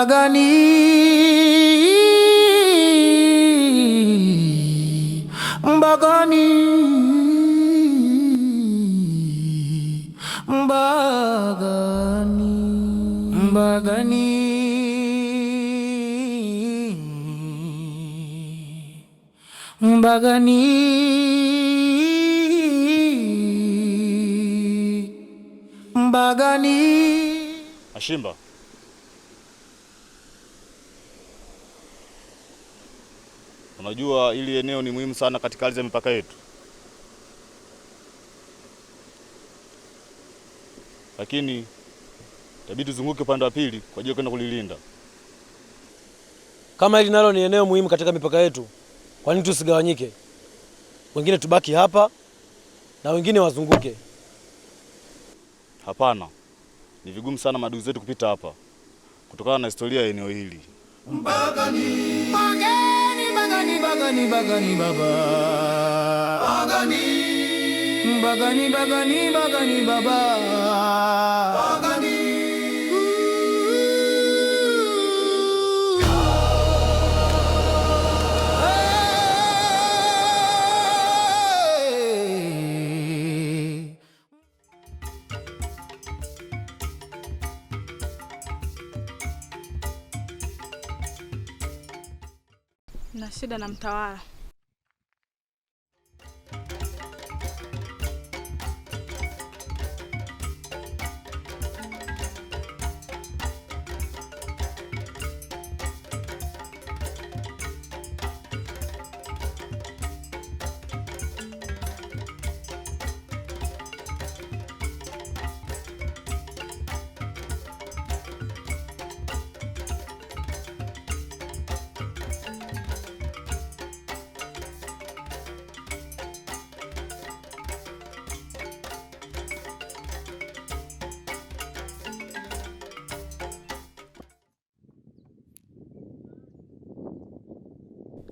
namna gani mbagani mbagani mbagani mbagani mbagani Ashimba Unajua ili eneo ni muhimu sana katika ardhi ya mipaka yetu, lakini itabidi tuzunguke upande wa pili kwa ajili ya kwenda kulilinda. Kama hili nalo ni eneo muhimu katika mipaka yetu, kwa nini tusigawanyike? Wengine tubaki hapa na wengine wazunguke. Hapana, ni vigumu sana madugu zetu kupita hapa kutokana na historia ya eneo hili mpakani. bagani bagani baba bagani bagani bagani bagani baba na shida na mtawala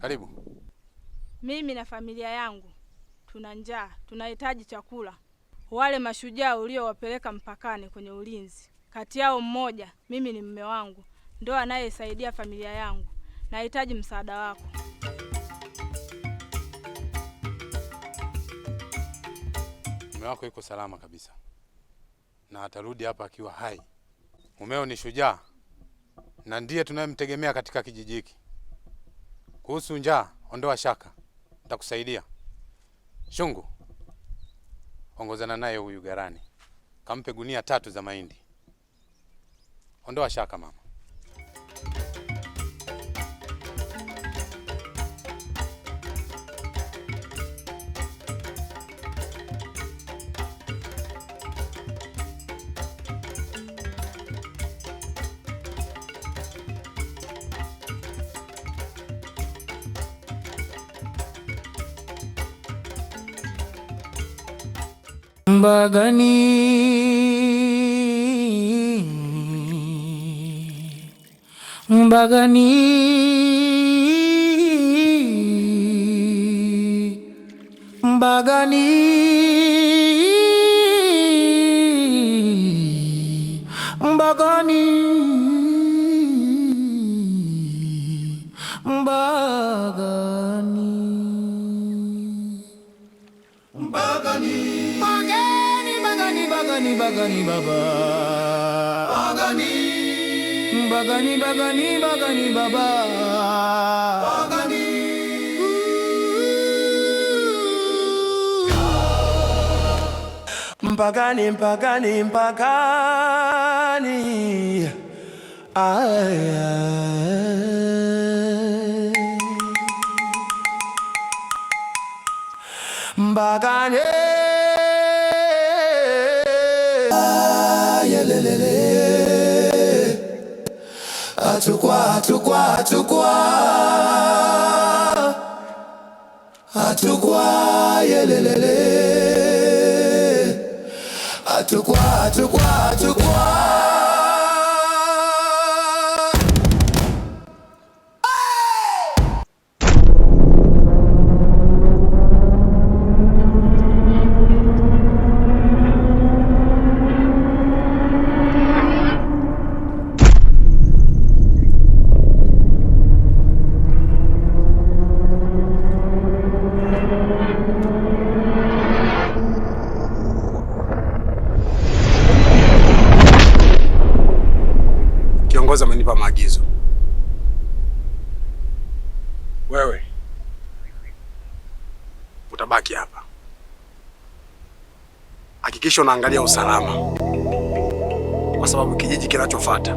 Karibu. Mimi na familia yangu tuna njaa, tunahitaji chakula. Wale mashujaa uliowapeleka mpakani kwenye ulinzi, kati yao mmoja, mimi ni mume wangu, ndo anayesaidia familia yangu. Nahitaji msaada wako. Mume wako yuko salama kabisa na atarudi hapa akiwa hai. Mumeo ni shujaa na ndiye tunayemtegemea katika kijiji hiki. Kuhusu njaa, ondoa shaka, nitakusaidia. Shungu, ongozana naye huyu garani kampe gunia tatu za mahindi. Ondoa shaka mama. അംബഗനീ ഭഗനീ ഭഗനീ বাগানি বাগানি বাবা বাগানি বাগানি বাগানি বাগানি বাবা বাগানি বাগানি বাগানি বাগানি আয় বাগানে Hatukwa, hatukwa, hatukwa, hatukwa yelelele, hatukwa, hatukwa hakikisha unaangalia usalama, kwa sababu kijiji kinachofuata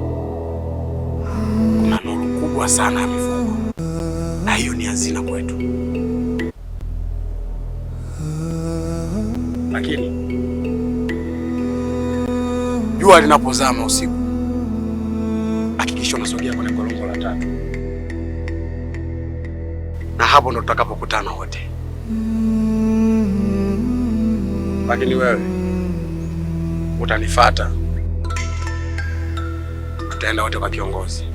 kuna nuru kubwa sana ya mifugo, na hiyo ni hazina kwetu. Lakini jua linapozama usiku, hakikisha unasogea kwenye korongo la tatu, na hapo ndo tutakapokutana wote. Lakini wewe utanifata, tutaenda wote kwa kiongozi.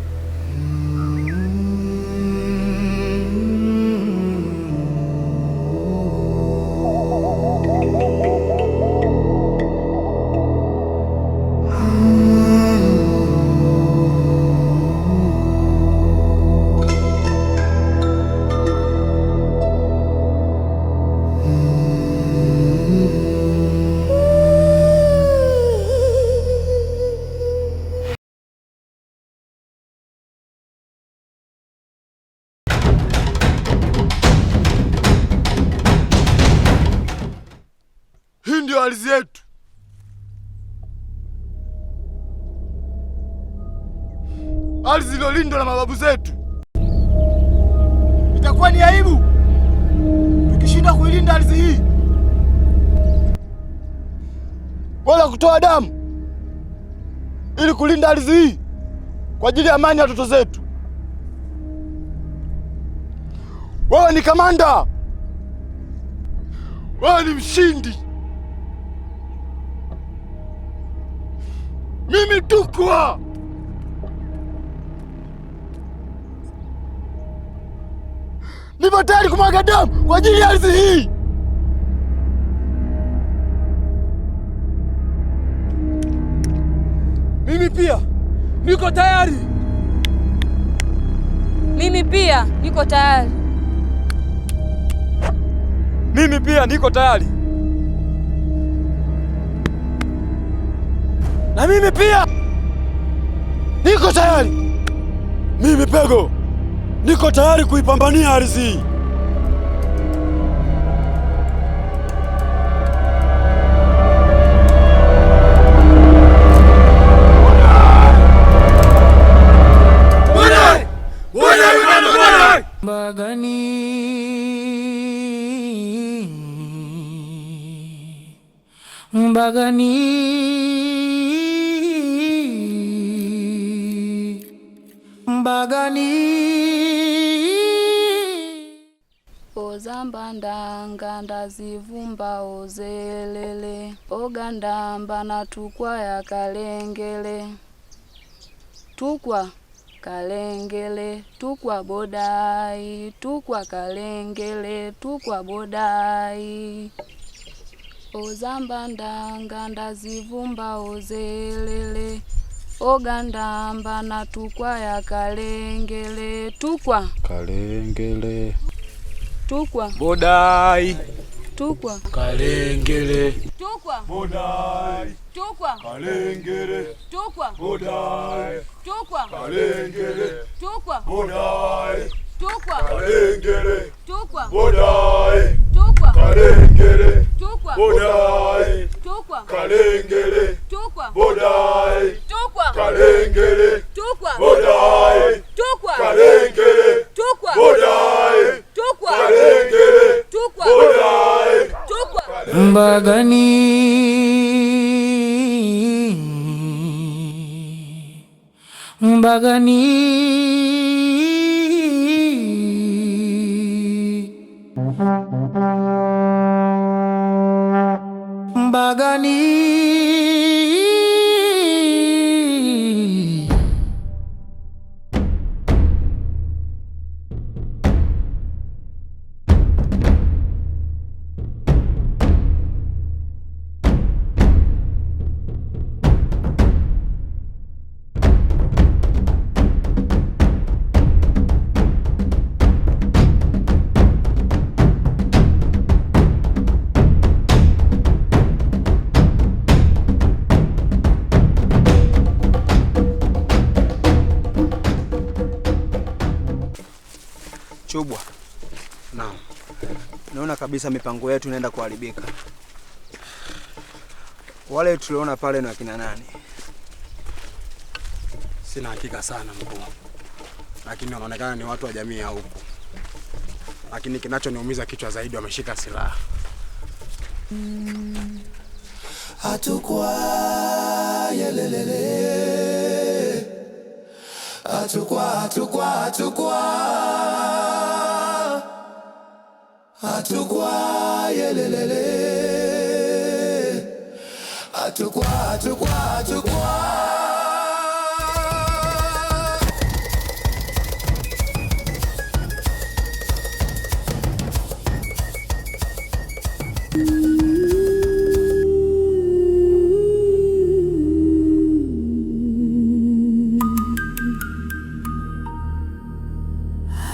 mali zetu. Ardhi iliyolindwa na mababu zetu. Itakuwa ni aibu tukishinda kuilinda ardhi hii, Bora kutoa damu ili kulinda ardhi hii kwa ajili ya amani ya watoto zetu. Wewe ni kamanda, wewe ni mshindi. Nimetukwa! Nipo tayari kumwaga damu kwa ajili ya ardhi hii. Mimi pia niko tayari. Mimi pia niko tayari. Mimi pia niko tayari. na mimi pia niko tayari. Mimi Pego niko tayari kuipambania ardhi hii. Mbagani, Mbagani. Ozamba ndanga ndazivumba ozelele oga ndamba na tukwa ya kalengele tukwa kalengele tukwa bodai tukwa kalengele tukwa bodai ozamba ndanga ndazivumba ozelele oga ndamba na tukwa ya kalengele tukwa kalengele Tukwa. Bodai. Tukwa. Kalengele. Tukwa. Bodai. Tukwa. Kalengele. Tukwa. Bodai. Tukwa. Kalengele. Tukwa. Bodai. Tukwa. Kalengele. Tukwa. Bodai. Tukwa. Kalengele. Tukwa. Bodai. Tukwa. Kalengele. Tukwa. Bodai. Tukwa. Kalengele. Tukwa. Bodai. Tukwa. Kalengele. Tukwa. செம்பகனி பகனி பகனி Chubwa, naam, naona kabisa mipango yetu inaenda kuharibika. Wale tuliona pale ni wakina nani? Sina hakika sana mkuu, lakini wanaonekana ni watu wa jamii ya huku, lakini kinachoniumiza kichwa zaidi wameshika silaha. Hatukwa yelelele, hatukwa hatukwa hatukwa Hatukwayelelele, hatukwa, hatukwa, hatukwa.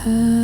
Uh...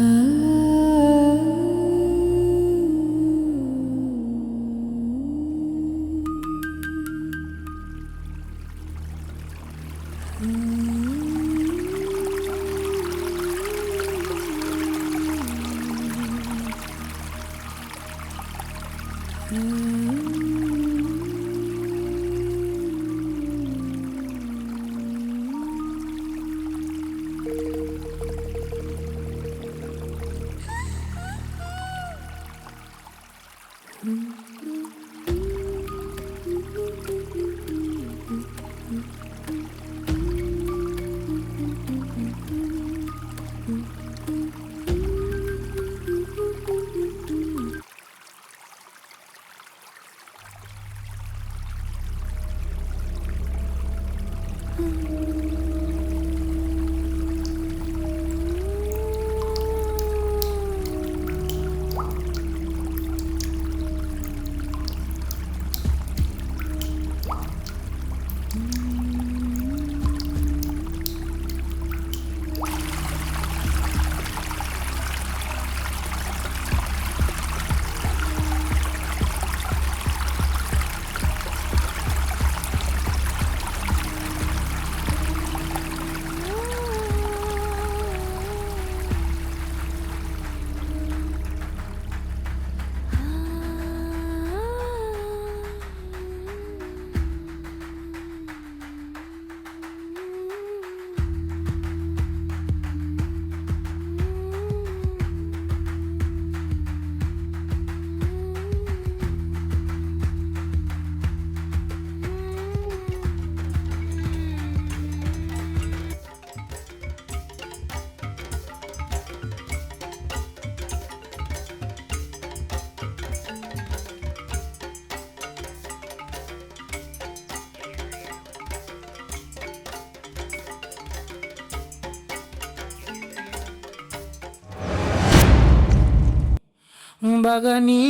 ಮಗನೀ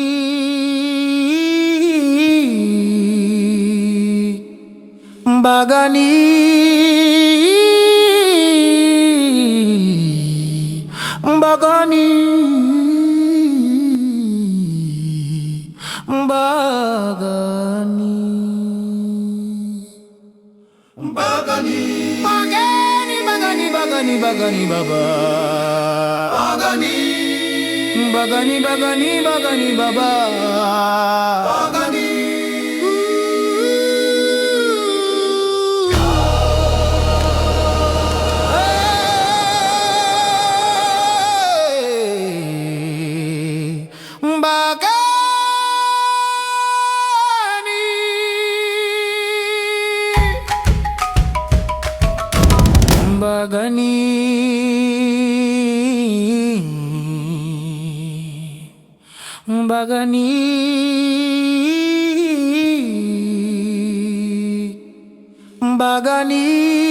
ಮಗನೀ ಮಗನೀ bagani bagani bagani baba বাগানি বাগানী